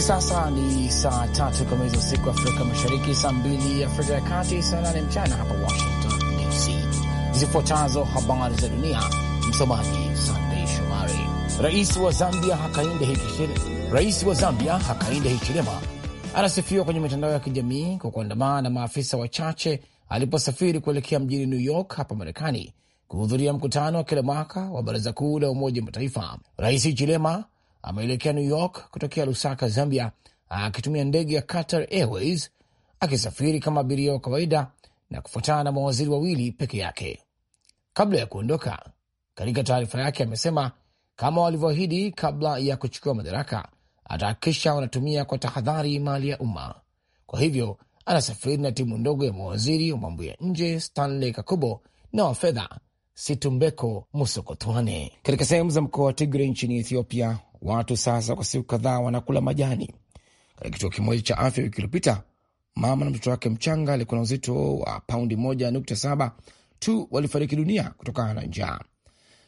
Hivi sasa ni saa tatu kamili za usiku Afrika Mashariki, saa mbili Afrika ya Kati, saa nane mchana hapa Washington DC. Zifuatazo habari za dunia, msomaji Sandei Shomari. Rais wa Zambia Hakainde Hichilema anasifiwa kwenye mitandao ya kijamii kwa kuandamana na maafisa wachache aliposafiri kuelekea mjini New York hapa Marekani kuhudhuria mkutano wa kila mwaka wa Baraza Kuu la Umoja Mataifa. Rais Hichilema ameelekea New York kutokea Lusaka, Zambia, akitumia ndege ya Qatar Airways, akisafiri kama abiria wa kawaida na kufuatana na mawaziri wawili peke yake kabla ya kuondoka. Katika taarifa yake amesema kama walivyoahidi kabla ya kuchukua madaraka, atahakikisha wanatumia kwa tahadhari mali ya umma. Kwa hivyo anasafiri na timu ndogo ya mawaziri wa mambo ya nje Stanley Kakubo na wa fedha Situmbeko Musokotwane. Katika sehemu za mkoa wa Tigre nchini Ethiopia, watu sasa kwa siku kadhaa wanakula majani. Katika kituo kimoja cha afya wiki iliyopita, mama na mtoto wake mchanga alikuwa na uzito wa paundi moja nukta saba tu walifariki dunia kutokana na njaa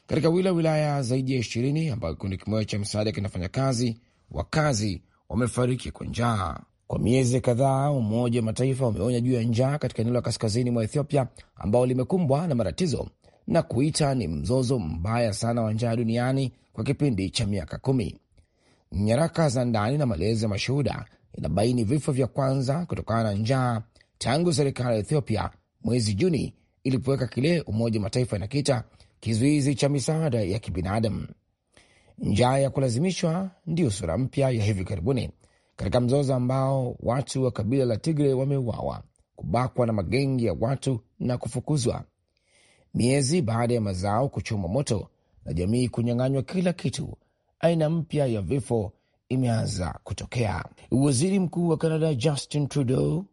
katika wila wilaya zaidi ya ishirini ambayo kikundi kimoja cha msaada kinafanya kazi, wakazi wamefariki kwa njaa kwa miezi kadhaa. Umoja wa Mataifa umeonya juu ya njaa katika eneo la kaskazini mwa Ethiopia ambao limekumbwa na matatizo na kuita ni mzozo mbaya sana wa njaa duniani kwa kipindi cha miaka kumi. Nyaraka za ndani na maelezo ya mashuhuda inabaini vifo vya kwanza kutokana na njaa tangu serikali ya Ethiopia mwezi Juni ilipoweka kile Umoja wa Mataifa inakita kizuizi cha misaada ya kibinadamu. Njaa ya kulazimishwa ndiyo sura mpya ya hivi karibuni katika mzozo ambao watu wa kabila la Tigre wameuawa, kubakwa na magengi ya watu na kufukuzwa miezi baada ya mazao kuchomwa moto na jamii kunyang'anywa kila kitu, aina mpya ya vifo imeanza kutokea. Waziri Mkuu wa canada Justin Trudeau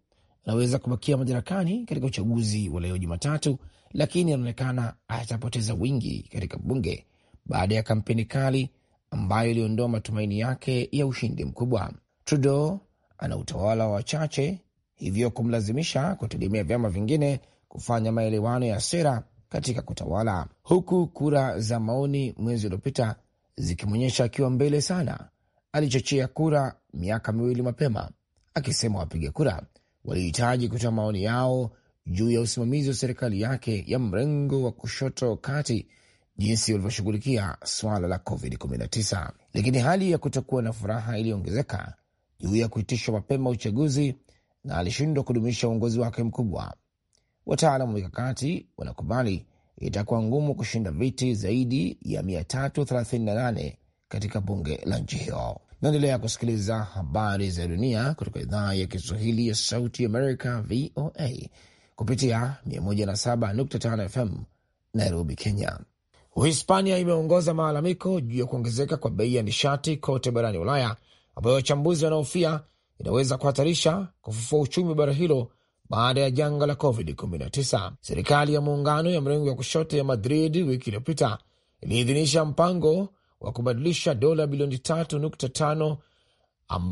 anaweza kubakia madarakani katika uchaguzi wa leo Jumatatu, lakini anaonekana atapoteza wingi katika bunge baada ya kampeni kali ambayo iliondoa matumaini yake ya ushindi mkubwa. Trudeau ana utawala wa wachache, hivyo kumlazimisha kutegemea vyama vingine kufanya maelewano ya sera katika kutawala, huku kura za maoni mwezi uliopita zikimwonyesha akiwa mbele sana. Alichochea kura miaka miwili mapema, akisema wapiga kura walihitaji kutoa maoni yao juu ya usimamizi wa serikali yake ya mrengo wa kushoto kati, jinsi walivyoshughulikia swala la COVID-19. Lakini hali ya kutokuwa na furaha iliyoongezeka juu ya kuitishwa mapema uchaguzi, na alishindwa kudumisha uongozi wake mkubwa Wataalamu wa mikakati wanakubali itakuwa ngumu kushinda viti zaidi ya 338 katika bunge la nchi hiyo. Naendelea kusikiliza habari za dunia kutoka idhaa ya Kiswahili ya Sauti Amerika, VOA, kupitia 107.5 FM Nairobi, Kenya. Uhispania imeongoza malalamiko juu ya kuongezeka kwa bei ya nishati kote barani Ulaya, ambayo wachambuzi wanaofia inaweza kuhatarisha kufufua uchumi wa bara hilo baada ya janga la COVID-19. Serikali ya muungano ya mrengo ya kushoto ya Madrid wiki iliyopita iliidhinisha mpango wa kubadilisha dola bilioni 3.5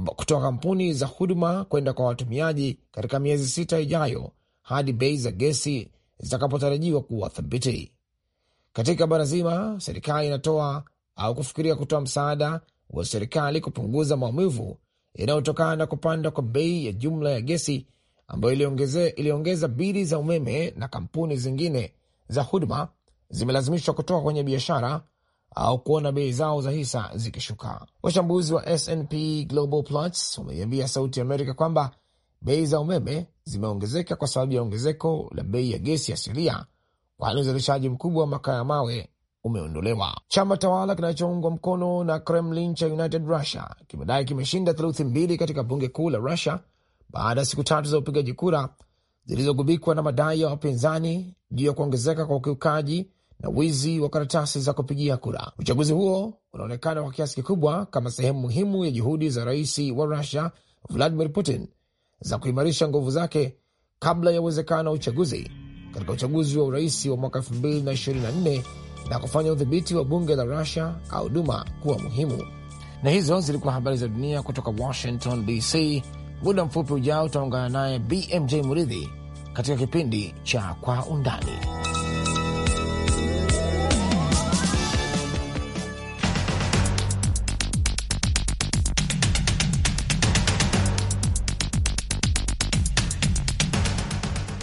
kutoka kampuni za huduma kwenda kwa watumiaji katika miezi sita ijayo hadi bei za gesi zitakapotarajiwa kuwa thabiti. Katika bara zima, serikali inatoa au kufikiria kutoa msaada wa serikali kupunguza maumivu yanayotokana na kupanda kwa bei ya jumla ya gesi ambayo iliongeza bili za umeme na kampuni zingine za huduma zimelazimishwa kutoka kwenye biashara au kuona bei zao za hisa zikishuka. Wachambuzi wa SNP Global Platts wameiambia Sauti Amerika kwamba bei za umeme zimeongezeka kwa sababu ya ongezeko la bei ya gesi asilia, kwani uzalishaji mkubwa wa makaa ya mawe umeondolewa. Chama tawala kinachoungwa mkono na Kremlin cha United Russia kimedai kimeshinda theluthi mbili katika bunge kuu la Russia baada ya siku tatu za upigaji kura zilizogubikwa na madai ya wapinzani juu ya kuongezeka kwa ukiukaji na wizi wa karatasi za kupigia kura. Uchaguzi huo unaonekana kwa kiasi kikubwa kama sehemu muhimu ya juhudi za rais wa Rusia Vladimir Putin za kuimarisha nguvu zake kabla ya uwezekano wa uchaguzi katika uchaguzi wa urais wa mwaka 2024 na kufanya udhibiti wa bunge la Rusia au Duma kuwa muhimu. Na hizo zilikuwa habari za dunia kutoka Washington DC. Muda mfupi ujao utaungana naye BMJ Muridhi katika kipindi cha Kwa Undani.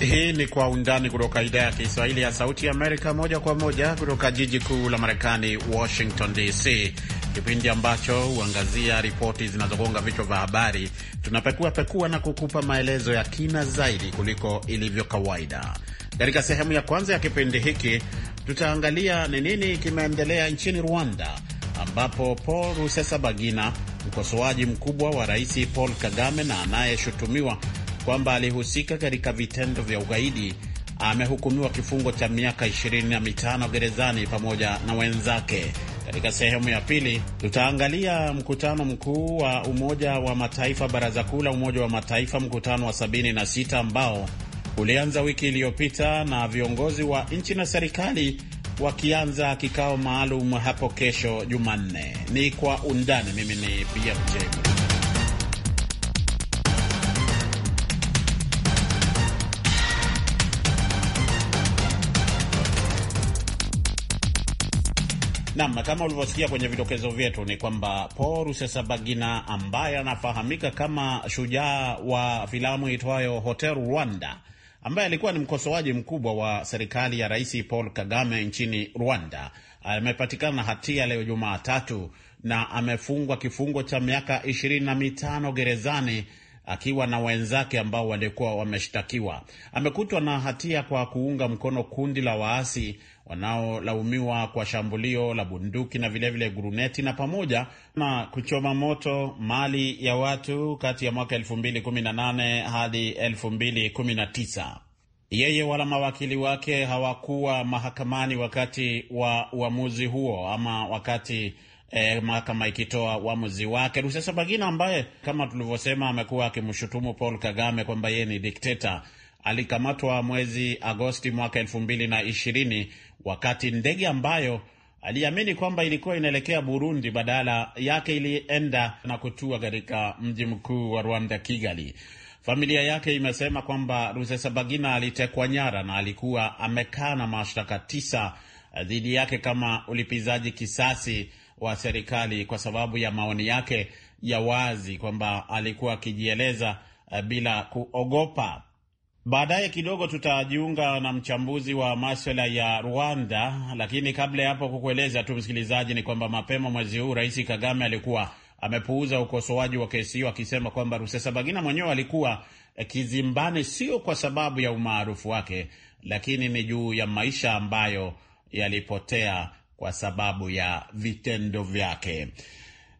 Hii ni Kwa Undani kutoka idhaa ya Kiswahili ya Sauti ya Amerika, moja kwa moja kutoka jiji kuu la Marekani, Washington DC kipindi ambacho huangazia ripoti zinazogonga vichwa vya habari. Tunapekua pekua na kukupa maelezo ya kina zaidi kuliko ilivyo kawaida. Katika sehemu ya kwanza ya kipindi hiki, tutaangalia ni nini kimeendelea nchini Rwanda, ambapo Paul Rusesabagina, mkosoaji mkubwa wa Rais Paul Kagame na anayeshutumiwa kwamba alihusika katika vitendo vya ugaidi amehukumiwa kifungo cha miaka 25 na mitano gerezani pamoja na wenzake. Katika sehemu ya pili tutaangalia mkutano mkuu wa Umoja wa Mataifa, Baraza Kuu la Umoja wa Mataifa, mkutano wa 76 ambao ulianza wiki iliyopita na viongozi wa nchi na serikali wakianza kikao maalum hapo kesho Jumanne. Ni kwa undani. Mimi ni BMJ. Nam, kama ulivyosikia kwenye vidokezo vyetu ni kwamba Paul Rusesabagina ambaye anafahamika kama shujaa wa filamu itwayo Hotel Rwanda, ambaye alikuwa ni mkosoaji mkubwa wa serikali ya Rais Paul Kagame nchini Rwanda, amepatikana na hatia leo Jumatatu na amefungwa kifungo cha miaka ishirini na mitano gerezani akiwa na wenzake ambao walikuwa wameshtakiwa. Amekutwa na hatia kwa kuunga mkono kundi la waasi wanaolaumiwa kwa shambulio la bunduki na vilevile vile guruneti na pamoja na kuchoma moto mali ya watu kati ya mwaka 2018 hadi 2019. Yeye wala mawakili wake hawakuwa mahakamani wakati wa uamuzi huo ama wakati eh, mahakama ikitoa uamuzi wake. Rusesabagina ambaye kama tulivyosema amekuwa akimshutumu Paul Kagame kwamba yeye ni dikteta alikamatwa mwezi Agosti mwaka elfu mbili na ishirini wakati ndege ambayo aliamini kwamba ilikuwa inaelekea Burundi badala yake ilienda na kutua katika mji mkuu wa Rwanda, Kigali. Familia yake imesema kwamba Rusesabagina alitekwa nyara na alikuwa amekaa na mashtaka tisa eh, dhidi yake kama ulipizaji kisasi wa serikali kwa sababu ya maoni yake ya wazi kwamba alikuwa akijieleza uh, bila kuogopa. Baadaye kidogo tutajiunga na mchambuzi wa maswala ya Rwanda, lakini kabla ya hapo, kukueleza tu msikilizaji, ni kwamba mapema mwezi huu Rais Kagame alikuwa amepuuza ukosoaji wa kesi hiyo akisema kwamba Rusesabagina mwenyewe alikuwa eh, kizimbani, sio kwa sababu ya umaarufu wake, lakini ni juu ya maisha ambayo yalipotea kwa sababu ya vitendo vyake.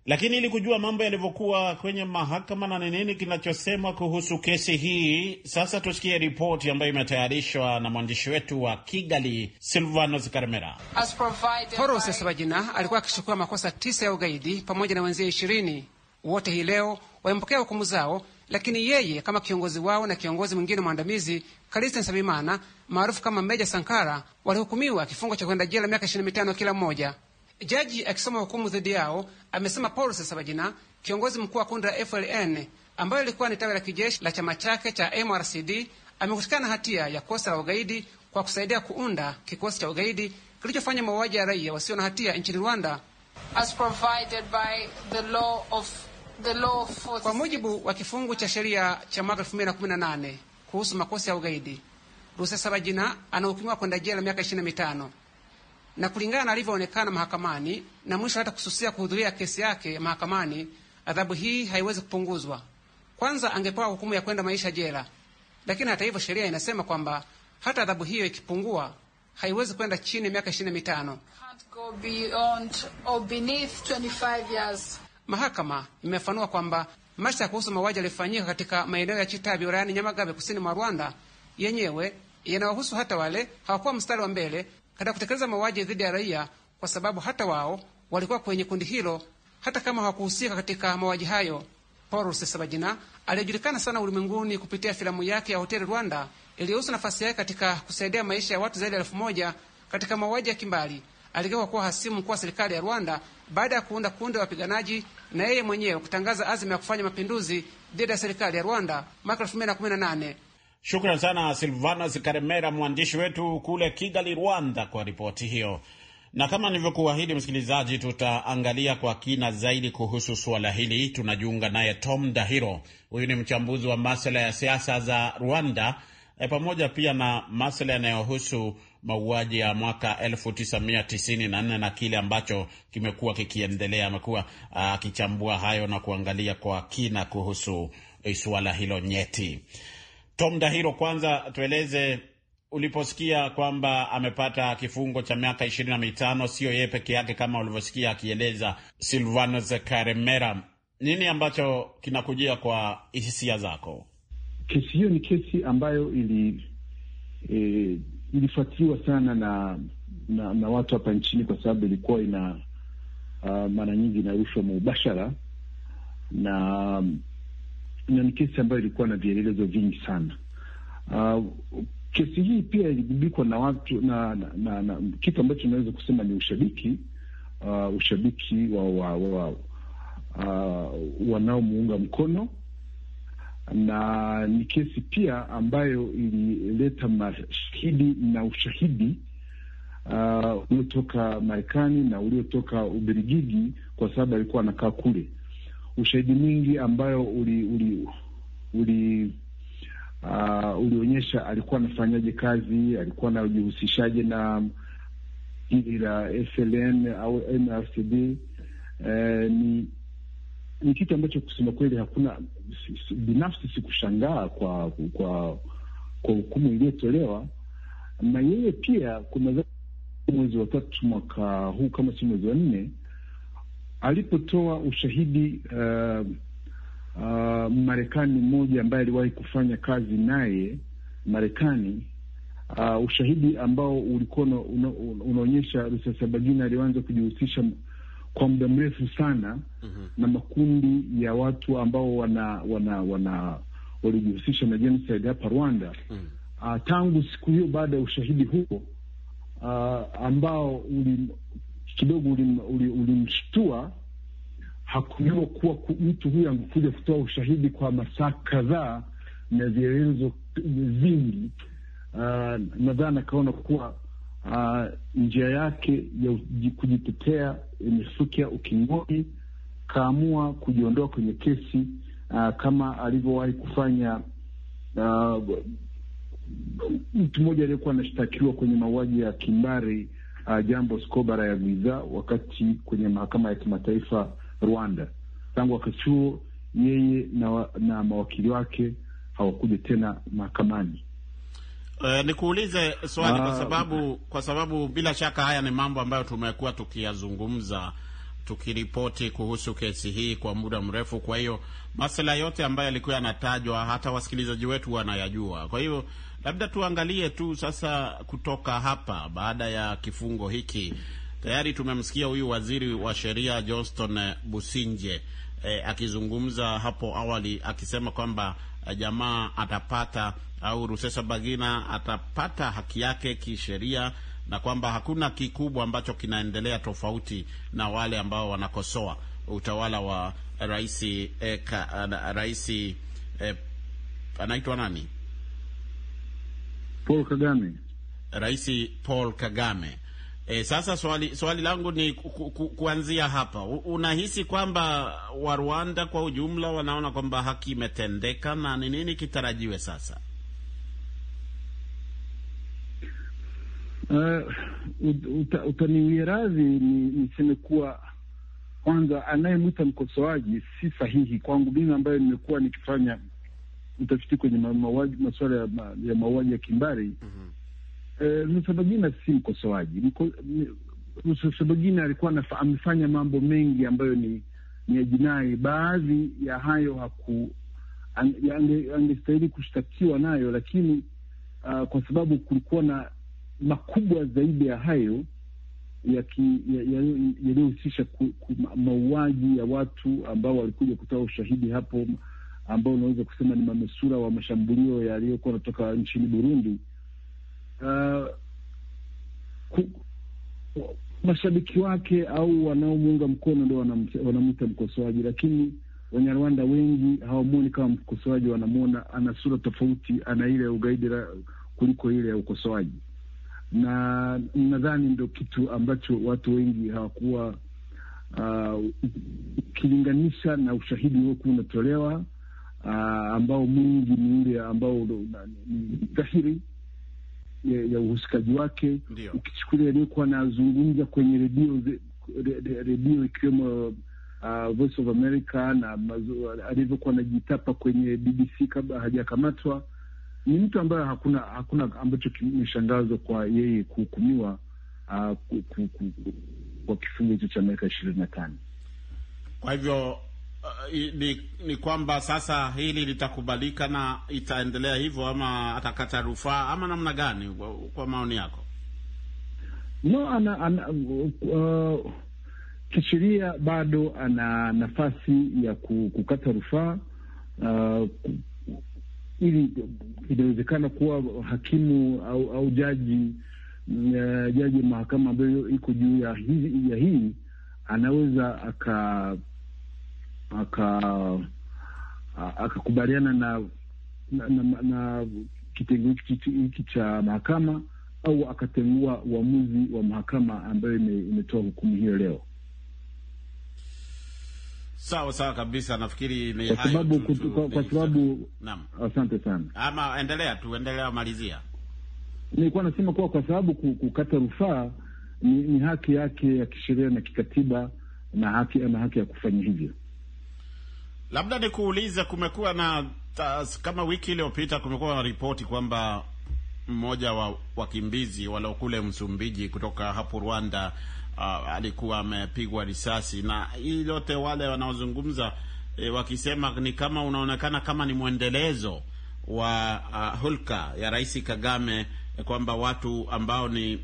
Lakini ili kujua mambo yalivyokuwa kwenye mahakama na ni nini kinachosemwa kuhusu kesi hii, sasa tusikie ripoti ambayo imetayarishwa na mwandishi wetu wa Kigali, Silvanos Karmera. Toro Rusesabagina alikuwa akishukua makosa tisa ya ugaidi pamoja na wenzie ishirini. Wote hii leo wamepokea hukumu zao lakini yeye kama kiongozi wao na kiongozi mwingine mwandamizi Kalisa Sabimana maarufu kama Meja Sankara walihukumiwa kifungo cha kwenda jela miaka 25 kila mmoja. Jaji akisoma hukumu dhidi yao amesema Paul Sesabagina, kiongozi mkuu wa kundi la FLN ambayo ilikuwa ni tawi la kijeshi la chama chake cha MRCD, amekutikana hatia ya kosa la ugaidi kwa kusaidia kuunda kikosi cha ugaidi kilichofanya mauaji ya raia wasio na hatia nchini Rwanda. As kwa mujibu wa kifungu cha sheria cha mwaka 2018 kuhusu makosa ya ugaidi, Rusesabagina anahukumiwa kwenda jela miaka 25 na kulingana na alivyoonekana mahakamani na mwisho hata kususia kuhudhuria kesi yake mahakamani, adhabu hii haiwezi kupunguzwa. Kwanza angepewa hukumu ya kwenda maisha jela, lakini hata hivyo sheria inasema kwamba hata adhabu hiyo ikipungua haiwezi kwenda chini ya miaka 25 Mahakama imefanua kwamba mashtaka kuhusu mauaji yaliyofanyika katika maeneo ya Chitabi wilayani Nyamagabe kusini mwa Rwanda yenyewe yanawahusu hata wale hawakuwa mstari wa mbele katika kutekeleza mauaji dhidi ya raia, kwa sababu hata wao walikuwa kwenye kundi hilo hata kama hawakuhusika katika mauaji hayo. Paul Rusesabagina aliyejulikana sana ulimwenguni kupitia filamu yake ya Hoteli Rwanda iliyohusu nafasi yake katika kusaidia maisha ya watu zaidi ya elfu moja katika mauaji ya kimbali aligeuka kuwa hasimu mkuu wa serikali ya Rwanda baada ya kuunda kundi la wapiganaji na yeye mwenyewe kutangaza azma ya kufanya mapinduzi dhidi ya serikali ya Rwanda mwaka 2018. Shukran sana Silvanus Karemera, mwandishi wetu kule Kigali, Rwanda, kwa ripoti hiyo. Na kama nilivyokuahidi, msikilizaji, tutaangalia kwa kina zaidi kuhusu suala hili. Tunajiunga naye Tom Dahiro, huyu ni mchambuzi wa masuala ya siasa za Rwanda e, pamoja pia na masuala yanayohusu mauaji ya mwaka 1994 na kile ambacho kimekuwa kikiendelea. Amekuwa ah, akichambua hayo na kuangalia kwa kina kuhusu eh, suala hilo nyeti. Tom Dahiro, kwanza tueleze uliposikia kwamba amepata kifungo cha miaka ishirini na mitano, sio yeye peke yake, kama ulivyosikia akieleza Silvanus Karemera, nini ambacho kinakujia kwa hisia zako? Kesi hiyo ni kesi ambayo ili e, ilifuatiliwa sana na, na na watu hapa nchini kwa sababu ilikuwa ina uh, mara nyingi inarushwa mubashara na na ni kesi ambayo ilikuwa na vielelezo vingi sana. Uh, kesi hii pia iligubikwa na watu na, na, na, na kitu ambacho unaweza kusema ni ushabiki uh, ushabiki wa, wa, wa uh, wanaomuunga mkono na ni kesi pia ambayo ilileta mashahidi na ushahidi uh, uliotoka Marekani na uliotoka Ubelgiji, kwa sababu alikuwa anakaa kule. Ushahidi mwingi ambayo uli, uli, uli uh, ulionyesha alikuwa anafanyaje kazi, alikuwa anajihusishaje na jiji la FLN au NRCD eh, ni ni kitu ambacho kusema kweli hakuna binafsi, sikushangaa kwa kwa kwa hukumu iliyotolewa na yeye. Pia kuna mwezi wa tatu mwaka huu kama si mwezi wa nne alipotoa ushahidi uh, uh, Marekani mmoja ambaye aliwahi kufanya kazi naye Marekani, uh, ushahidi ambao ulikuwa unaonyesha Rusesabagina alianza kujihusisha kwa muda mrefu sana mm -hmm. na makundi ya watu ambao wana wana wana walijihusisha na genocide hapa Rwanda mm -hmm. uh, tangu siku hiyo baada ya ushahidi huo uh, ambao uli kidogo ulimshtua uli hakujua kuwa mtu huyu angekuja kutoa ushahidi kwa masaa kadhaa na vielezo vingi. Uh, nadhani akaona kuwa uh, njia yake ya kujitetea imefikia ukingoni, kaamua kujiondoa kwenye kesi uh, kama alivyowahi kufanya uh, mtu mmoja aliyekuwa anashtakiwa kwenye mauaji ya kimbari uh, Jambo Scobara ya Gwiza wakati kwenye mahakama ya kimataifa Rwanda. Tangu wakati huo yeye na, na mawakili wake hawakuja tena mahakamani. Uh, nikuulize swali kwa ah, sababu kwa sababu bila shaka haya ni mambo ambayo tumekuwa tukiyazungumza tukiripoti kuhusu kesi hii kwa muda mrefu. Kwa hiyo masuala yote ambayo yalikuwa yanatajwa hata wasikilizaji wetu wanayajua. Kwa hiyo labda tuangalie tu sasa kutoka hapa, baada ya kifungo hiki tayari tumemsikia huyu waziri wa sheria Johnston Businje eh, akizungumza hapo awali akisema kwamba Eh, jamaa atapata au Rusesabagina atapata haki yake kisheria na kwamba hakuna kikubwa ambacho kinaendelea tofauti na wale ambao wanakosoa utawala wa rais eh, eh raisi eh, anaitwa nani? Paul Kagame, Rais Paul Kagame. E, sasa swali, swali langu ni ku, ku, kuanzia hapa, unahisi kwamba Warwanda kwa ujumla wanaona kwamba haki imetendeka na ni nini kitarajiwe sasa? Eh, uh, utaniwie radhi niseme ni kuwa kwanza, anayemwita mkosoaji si sahihi kwangu mimi, ambayo nimekuwa nikifanya utafiti kwenye masuala ya mauaji ya kimbari. mm -hmm e, eh, Musa si mkosoaji. Musa alikuwa amefanya mambo mengi ambayo ni ni ya jinai. Baadhi ya hayo haku angestahili kushtakiwa nayo, lakini uh, kwa sababu kulikuwa na makubwa zaidi ya hayo yaliyohusisha ya, ya, ya mauaji ya watu ambao walikuja kutoa ushahidi hapo, ambao unaweza kusema ni manusura wa mashambulio yaliyokuwa anatoka nchini Burundi uh, ku, mashabiki wake au wanaomuunga mkono ndo wanamwita mkosoaji, lakini Wanyarwanda wengi hawamwoni kama mkosoaji, wanamwona ana sura tofauti, ana ile ya ugaidi kuliko ile ya ukosoaji, na nadhani ndo kitu ambacho watu wengi hawakuwa uh, ukilinganisha na ushahidi uliokuwa unatolewa uh, ambao mwingi ni ule ambao dhahiri ya, ya uhusikaji wake. Ukichukulia aliyokuwa anazungumza kwenye redio redio ikiwemo uh, Voice of America na alivyokuwa anajitapa kwenye BBC kabla hajakamatwa, ni mtu ambaye hakuna hakuna ambacho kimeshangazwa kwa yeye kuhukumiwa uh, kwa kifungo hicho cha miaka ishirini na tano. Kwa hivyo Uh, ni, ni kwamba sasa hili litakubalika na itaendelea hivyo ama atakata rufaa ama namna gani kwa, kwa maoni yako? No, ana, ana, uh, kisheria bado ana nafasi ya kukata rufaa uh, ili inawezekana kuwa hakimu au, au jaji uh, jaji mahakama ambayo iko juu ya hii, ya hii anaweza aka akakubaliana na, na, na, na kitengo hiki cha mahakama au akatengua uamuzi wa mahakama ambayo imetoa hukumu hiyo leo. Sawa sawa kabisa, nafikiri ni kwa sababu kwa, sababu uh, asante sana. Ama endelea tu, endelea malizia. Nilikuwa nasema kuwa kwa sababu kukata rufaa ni, ni haki yake ya kisheria na kikatiba na haki, na haki ya kufanya hivyo. Labda nikuulize, kumekuwa na tas, kama wiki iliyopita kumekuwa na ripoti kwamba mmoja wa wakimbizi walokule Msumbiji kutoka hapo Rwanda uh, alikuwa amepigwa risasi, na hii yote wale wanaozungumza e, wakisema ni kama unaonekana kama ni mwendelezo wa uh, hulka ya Rais Kagame e, kwamba watu ambao ni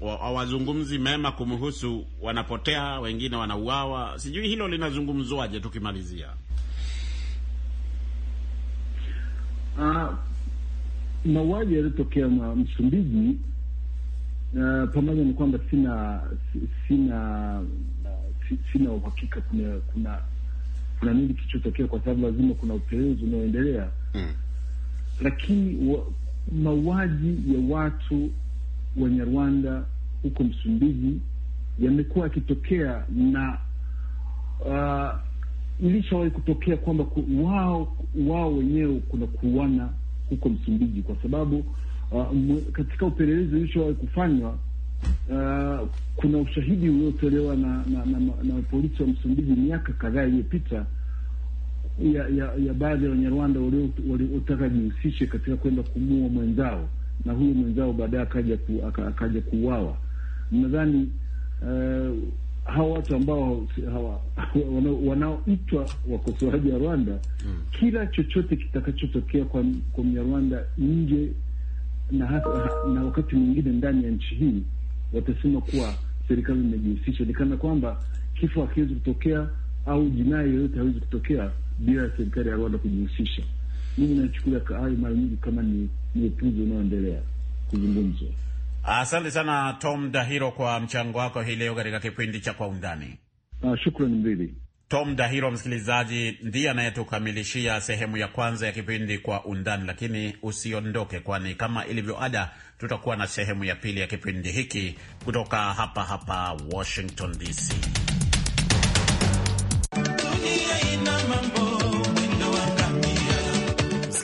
hawazungumzi mema kumhusu wanapotea, wengine wanauawa. Sijui hilo linazungumzwaje, tukimalizia Ah, mauaji yaliyotokea Msumbiji, pamoja na kwamba sina sina sina uhakika kuna kuna kuna nini kilichotokea, kwa sababu lazima kuna upelelezi unaoendelea mm. Lakini mauaji ya watu wenye rwanda huko Msumbiji yamekuwa yakitokea na uh, ilishawahi kutokea kwamba wao wao wenyewe kuna kuuana huko Msumbiji, kwa sababu uh, katika upelelezi ulishawahi kufanywa uh, kuna ushahidi uliotolewa na, na, na, na, na polisi wa Msumbiji miaka kadhaa iliyopita ya ya, ya baadhi ya Wanyarwanda waliotaka jihusishe katika kwenda kumua mwenzao na huyu mwenzao baadaye akaja ku, akaja kuuawa. Nadhani uh, hawa watu ambao wanaoitwa wakosoaji wa Rwanda mm. Kila chochote kitakachotokea kwa, kwa Mnyarwanda nje na hasa, na wakati mwingine ndani ya nchi hii watasema kuwa serikali imejihusisha, ni kana kwamba kifo hakiwezi kutokea au jinai yoyote hawezi kutokea bila ya serikali ya Rwanda kujihusisha. Mimi nachukulia hayo mara nyingi kama ni upuzi unaoendelea kuzungumzwa. Asante sana Tom Dahiro kwa mchango wako hii leo katika kipindi cha Kwa Undani. Uh, shukrani mbili. Tom Dahiro, msikilizaji, ndiye anayetukamilishia sehemu ya kwanza ya kipindi Kwa Undani, lakini usiondoke, kwani kama ilivyo ada, tutakuwa na sehemu ya pili ya kipindi hiki kutoka hapa hapa Washington DC.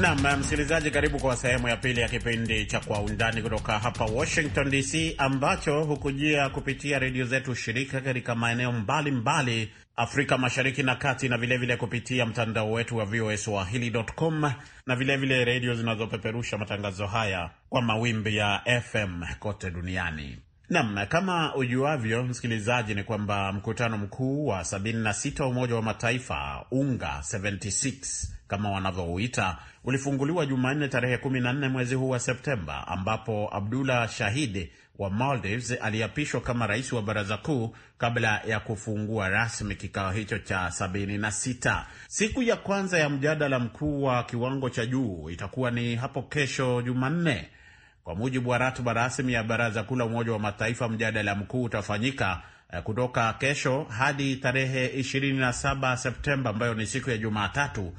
Nam msikilizaji, karibu kwa sehemu ya pili ya kipindi cha Kwa Undani kutoka hapa Washington DC, ambacho hukujia kupitia redio zetu shirika katika maeneo mbalimbali Afrika Mashariki na Kati, na vilevile vile kupitia mtandao wetu wa VOA Swahili.com na vilevile redio zinazopeperusha matangazo haya kwa mawimbi ya FM kote duniani. Nam, kama ujuavyo msikilizaji, ni kwamba mkutano mkuu wa 76 wa Umoja wa Mataifa UNGA 76 kama wanavyouita ulifunguliwa Jumanne tarehe 14 mwezi huu wa Septemba, ambapo Abdullah Shahid wa Maldives aliapishwa kama rais wa baraza kuu kabla ya kufungua rasmi kikao hicho cha 76. Siku ya kwanza ya mjadala mkuu wa kiwango cha juu itakuwa ni hapo kesho Jumanne. Kwa mujibu wa ratiba rasmi ya baraza kuu la Umoja wa Mataifa, mjadala mkuu utafanyika eh, kutoka kesho hadi tarehe 27 Septemba ambayo ni siku ya Jumatatu,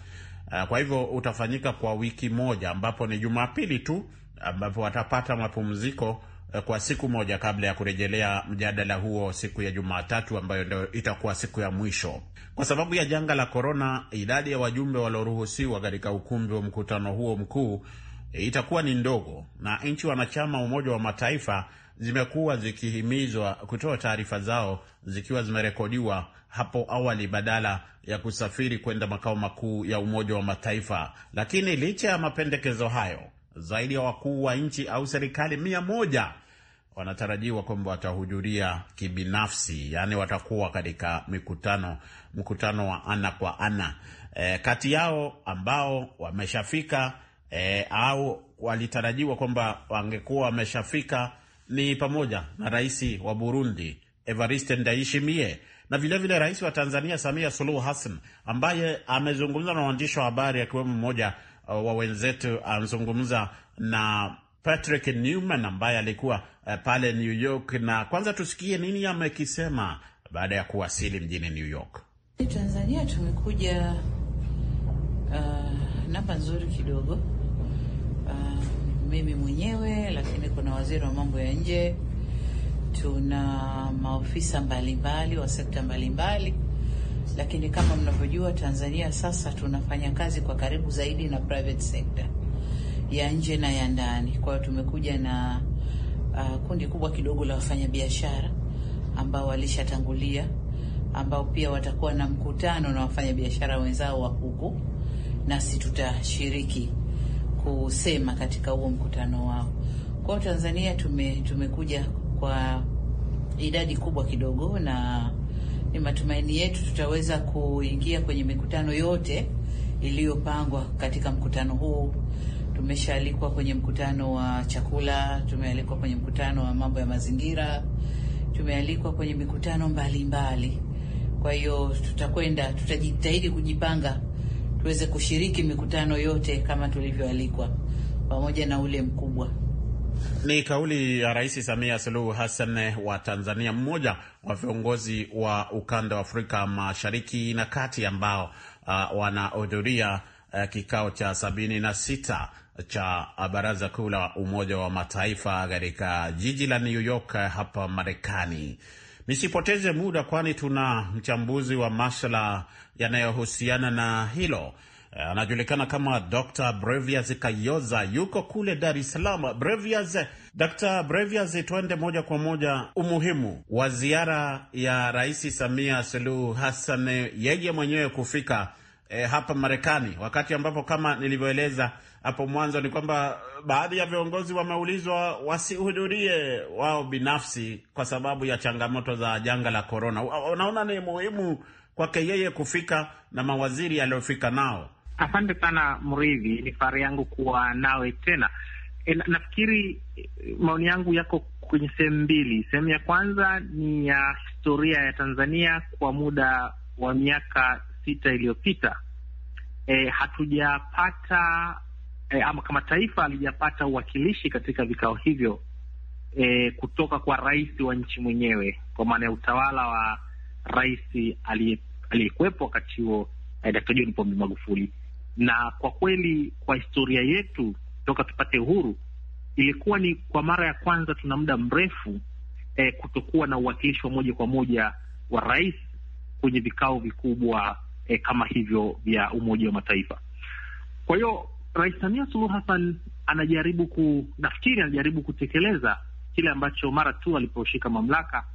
Eh, kwa hivyo utafanyika kwa wiki moja, ambapo ni Jumapili tu ambapo watapata mapumziko eh, kwa siku moja kabla ya kurejelea mjadala huo siku ya Jumatatu ambayo ndio itakuwa siku ya mwisho. Kwa sababu ya janga la korona, idadi ya wajumbe walioruhusiwa katika ukumbi wa mkutano huo mkuu eh, itakuwa ni ndogo, na nchi wanachama Umoja wa Mataifa zimekuwa zikihimizwa kutoa taarifa zao zikiwa zimerekodiwa hapo awali badala ya kusafiri kwenda makao makuu ya Umoja wa Mataifa. Lakini licha ya mapendekezo hayo, zaidi ya wakuu wa nchi au serikali mia moja wanatarajiwa kwamba watahudhuria kibinafsi, yaani watakuwa katika mikutano mkutano wa ana kwa ana e, kati yao ambao wameshafika e, au walitarajiwa kwamba wangekuwa wameshafika ni pamoja na rais wa Burundi Evariste Ndayishimiye na vilevile rais wa Tanzania Samia Suluhu Hassan ambaye amezungumza na waandishi wa habari akiwemo mmoja uh, wa wenzetu anazungumza na Patrick Newman ambaye alikuwa uh, pale New York, na kwanza tusikie nini amekisema baada ya kuwasili mjini New York. Tanzania tumekuja uh, namba nzuri kidogo uh, mimi mwenyewe, lakini kuna waziri wa mambo ya nje, tuna maofisa mbalimbali wa sekta mbalimbali lakini kama mnavyojua Tanzania sasa tunafanya kazi kwa karibu zaidi na private sector ya nje na ya ndani. Kwa hiyo tumekuja na uh, kundi kubwa kidogo la wafanyabiashara ambao walishatangulia, ambao pia watakuwa na mkutano na wafanyabiashara wenzao wa huku, nasi tutashiriki kusema katika huo mkutano wao. Kwa hiyo Tanzania tume, tumekuja kwa idadi kubwa kidogo, na ni matumaini yetu tutaweza kuingia kwenye mikutano yote iliyopangwa katika mkutano huu. Tumeshaalikwa kwenye mkutano wa chakula, tumealikwa kwenye mkutano wa mambo ya mazingira, tumealikwa kwenye mikutano mbalimbali mbali. Kwa hiyo tutakwenda, tutajitahidi kujipanga tuweze kushiriki mikutano yote kama tulivyoalikwa pamoja na ule mkubwa. Ni kauli ya Rais Samia Suluhu Hassan wa Tanzania, mmoja wa viongozi wa ukanda wa Afrika Mashariki na Kati ambao uh, wanahudhuria uh, kikao cha sabini na sita cha Baraza Kuu la Umoja wa Mataifa katika jiji la New York uh, hapa Marekani. Nisipoteze muda, kwani tuna mchambuzi wa masuala yanayohusiana na hilo eh, anajulikana kama Dr. Brevias Kayoza, yuko kule Dar es Salaam. Brevias, Dr. Brevias, twende moja kwa moja, umuhimu wa ziara ya Rais Samia Suluhu Hassan, yeye mwenyewe kufika eh, hapa Marekani, wakati ambapo kama nilivyoeleza hapo mwanzo ni kwamba uh, baadhi ya viongozi wameulizwa wasihudhurie wao binafsi kwa sababu ya changamoto za janga la korona. Unaona ni muhimu kwake yeye kufika na mawaziri aliyofika nao. Asante sana Mridhi, ni fahari yangu kuwa nawe tena. E, nafikiri e, maoni yangu yako kwenye sehemu mbili. Sehemu ya kwanza ni ya historia ya Tanzania kwa muda wa miaka sita iliyopita e, hatujapata e, ama kama taifa alijapata uwakilishi katika vikao hivyo e, kutoka kwa rais wa nchi mwenyewe, kwa maana ya utawala wa rais aliyekuwepo wakati huo e, Dkt. John Pombe Magufuli. Na kwa kweli kwa historia yetu toka tupate uhuru ilikuwa ni kwa mara ya kwanza tuna muda mrefu eh, kutokuwa na uwakilishi wa moja kwa moja wa rais kwenye vikao vikubwa e, kama hivyo vya Umoja wa Mataifa. Kwa hiyo Rais Samia Suluhu Hassan anajaribu ku, nafikiri anajaribu kutekeleza kile ambacho mara tu aliposhika mamlaka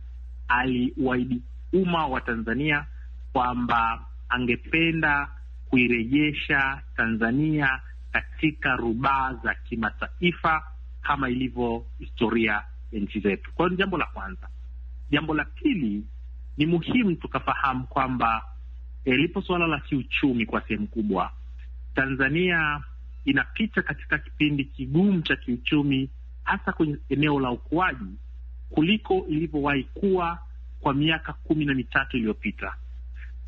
aliwaidi umma wa Tanzania kwamba angependa kuirejesha Tanzania katika rubaa za kimataifa kama ilivyo historia ya nchi zetu. Kwa hiyo ni jambo la kwanza. Jambo la pili, ni muhimu tukafahamu kwamba Lipo suala la kiuchumi kwa sehemu kubwa. Tanzania inapita katika kipindi kigumu cha kiuchumi, hasa kwenye eneo la ukuaji kuliko ilivyowahi kuwa kwa miaka kumi na mitatu iliyopita,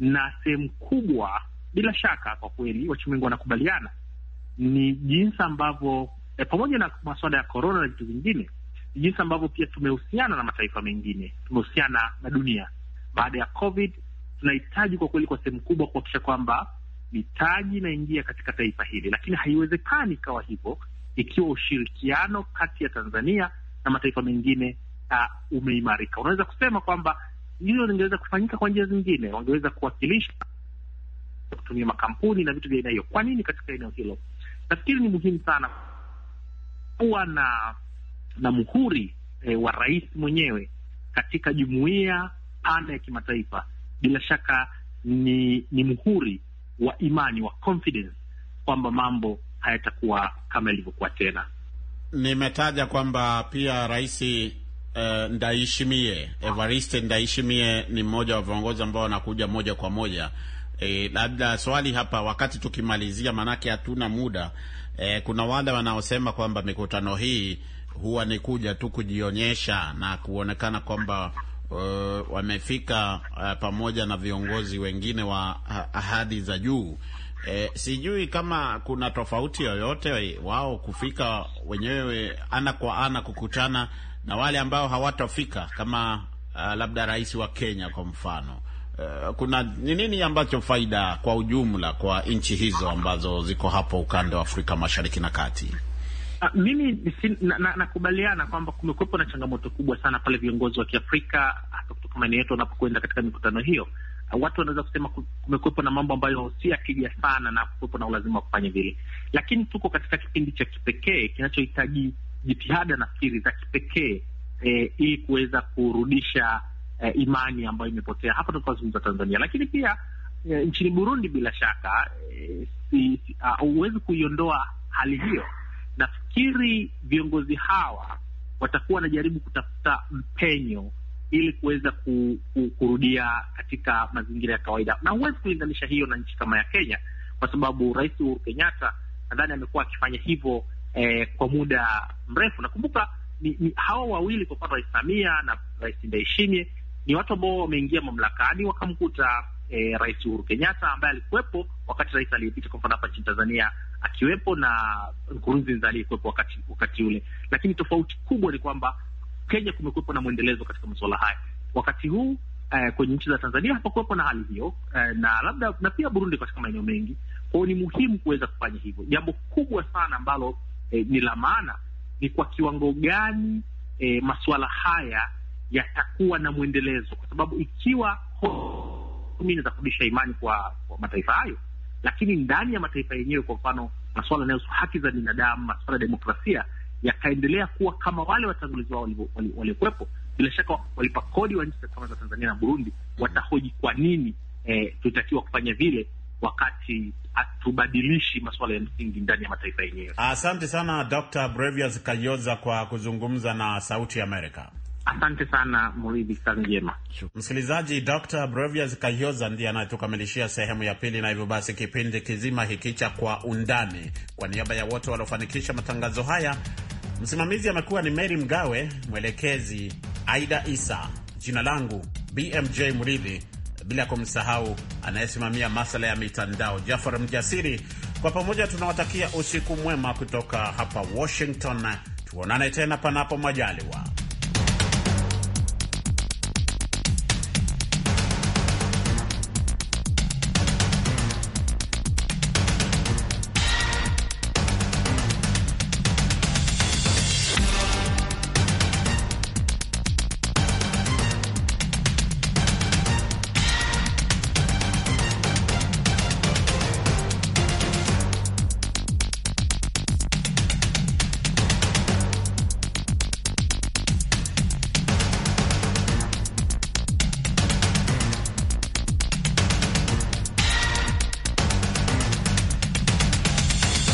na sehemu kubwa, bila shaka, kwa kweli wachumi wengi wanakubaliana ni jinsi ambavyo eh, pamoja na masuala ya korona na vitu vingine, ni jinsi ambavyo pia tumehusiana na mataifa mengine, tumehusiana na dunia. Baada ya COVID tunahitaji kwa kweli, kwa sehemu kubwa, kuhakikisha kwamba mitaji inaingia katika taifa hili, lakini haiwezekani ikawa hivyo ikiwa ushirikiano kati ya Tanzania na mataifa mengine uh, umeimarika. Unaweza kusema kwamba hilo lingeweza kufanyika kwa njia zingine, wangeweza kuwakilisha kutumia makampuni na vitu vya aina hiyo. Kwa nini katika eneo hilo? Nafikiri ni muhimu sana kuwa na na muhuri eh, wa rais mwenyewe katika jumuiya pana ya kimataifa bila shaka ni, ni muhuri wa imani wa confidence kwamba mambo hayatakuwa kama ilivyokuwa tena. Nimetaja kwamba pia rais uh, eh, Ndaishimie Evariste Ndaishimie ni mmoja wa viongozi ambao wanakuja moja kwa moja. E, labda swali hapa wakati tukimalizia, maanake hatuna muda e, kuna wale wanaosema kwamba mikutano hii huwa ni kuja tu kujionyesha na kuonekana kwamba uh, wamefika uh, pamoja na viongozi wengine wa ah, ahadi za juu. Eh, sijui kama kuna tofauti yoyote eh, wao kufika wenyewe ana kwa ana kukutana na wale ambao hawatafika kama uh, labda rais wa Kenya kwa mfano. Uh, kuna ni nini ambacho faida kwa ujumla kwa nchi hizo ambazo ziko hapo ukanda wa Afrika Mashariki na Kati? Ah, mimi nakubaliana na, na kwamba kumekuwepo na changamoto kubwa sana pale viongozi wa Kiafrika hasa kutoka maeneo yetu wanapokwenda katika mikutano hiyo. Uh, watu wanaweza kusema kumekuwepo na mambo ambayo si akija sana na kuwepo na ulazima wa kufanya vile, lakini tuko katika kipindi cha kipekee kinachohitaji jitihada nafikiri za kipekee eh, ili kuweza kurudisha eh, imani ambayo imepotea hapa tunapozungumza Tanzania, lakini pia eh, nchini Burundi bila shaka eh, si, uh, huwezi kuiondoa hali hiyo Nafikiri viongozi hawa watakuwa wanajaribu kutafuta mpenyo ili kuweza ku, ku, kurudia katika mazingira ya kawaida, na huwezi kulinganisha hiyo na nchi kama ya Kenya kwa sababu Rais Uhuru Kenyatta nadhani amekuwa akifanya hivyo eh, kwa muda mrefu. Nakumbuka ni, ni hawa wawili kwa mfano Rais Samia na Rais Ndayishimiye ni watu ambao wameingia mamlakani wakamkuta e, Rais Uhuru Kenyatta ambaye alikuwepo wakati rais aliyepita, kwa mfano hapa nchini Tanzania akiwepo na Nkurunziza aliyekuwepo wakati wakati ule. Lakini tofauti kubwa ni kwamba Kenya kumekuwepo na mwendelezo katika masuala haya wakati huu eh, kwenye nchi za Tanzania hapakuwepo na hali hiyo eh, na labda na pia Burundi katika maeneo mengi. Kwa ni muhimu kuweza kufanya hivyo. Jambo kubwa sana ambalo eh, ni la maana ni kwa kiwango gani eh, masuala haya yatakuwa na mwendelezo, kwa sababu ikiwa kumi inaweza kurudisha imani kwa, kwa mataifa hayo, lakini ndani ya mataifa yenyewe, kwa mfano masuala yanayohusu haki za binadamu, masuala ya demokrasia yakaendelea kuwa kama wale watangulizi wao waliokuwepo. Bila shaka walipa kodi wa nchi kama za Tanzania na Burundi mm. watahoji kwa nini eh, tutakiwa kufanya vile wakati hatubadilishi masuala ya msingi ndani ya mataifa yenyewe. Asante sana Dr. Brevias Kayoza kwa kuzungumza na Sauti Amerika. Asante sana Mridhi, kazi njema msikilizaji. Dr Brevias Kayoza ndiye anayetukamilishia sehemu ya pili, na hivyo basi kipindi kizima hiki cha Kwa Undani, kwa niaba ya wote waliofanikisha matangazo haya, msimamizi amekuwa ni Meri Mgawe, mwelekezi Aida Isa, jina langu BMJ Mridhi, bila kumsahau anayesimamia masala ya mitandao Jafar Mjasiri. Kwa pamoja tunawatakia usiku mwema kutoka hapa Washington. Tuonane tena panapo majaliwa.